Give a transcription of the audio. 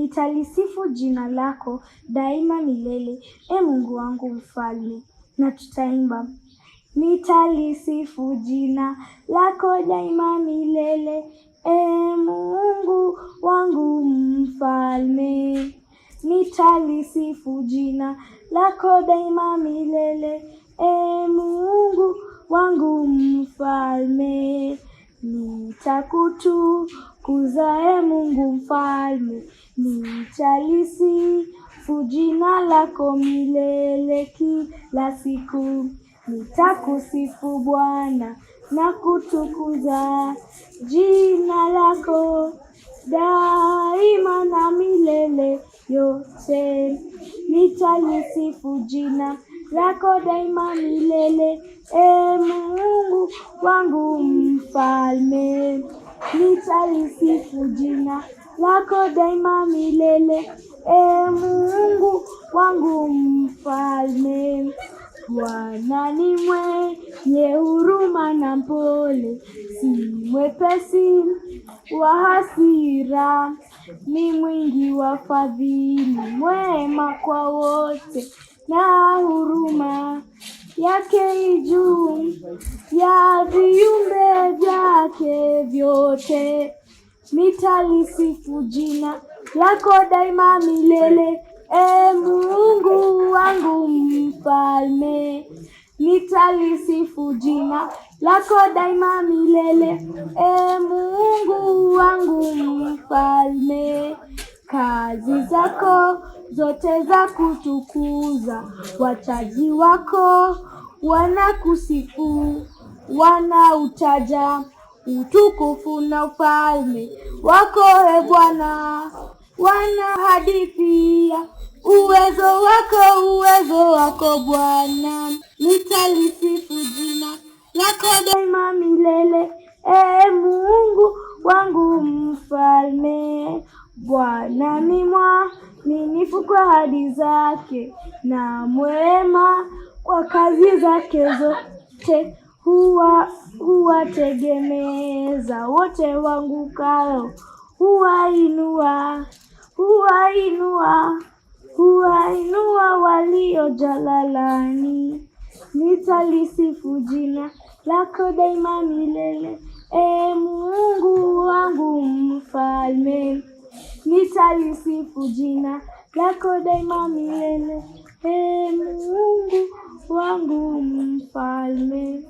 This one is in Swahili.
Nitalisifu jina lako daima milele, e Mungu wangu mfalme. Na tutaimba nitalisifu jina lako daima milele, e Mungu wangu mfalme. Nitalisifu jina lako daima milele, e Mungu wangu mfalme. Nitakutu e Mungu mfalme, licha lisifu jina lako milele, kila siku nitakusifu Bwana na kutukuza jina lako daima na milele yote, nitalisifu jina lako daima milele, e Mungu wangu mfalme nitalisifu jina lako daima milele. E Mungu wangu mfalme, Bwana ni mwenye huruma na mpole, si mwepesi wa hasira, ni mwingi wa fadhili, mwema kwa wote na huruma yake juu ya viumbe vyake vyote, nitalisifu jina lako daima milele. E Mungu wangu Mfalme, nitalisifu jina lako daima milele. E Mungu wangu Mfalme, kazi zako zote za kutukuza. Wachaji wako wanakusifu, wanautaja utukufu na ufalme wako, e Bwana, wanahadithia uwezo wako, uwezo wako Bwana. Nitalisifu jina lako daima milele, e Mungu wangu mfalme. Bwana ni mwema mwaminifu kwa ahadi zake, na mwema kwa kazi zake zote, huwategemeza wote waangukao, huwainua huwainua huwainua walio jalalani. Nitalisifu jina lako daima milele, e Mungu wangu mfalme nitalisifu jina lako daima milele, Ee Mungu wangu mfalme.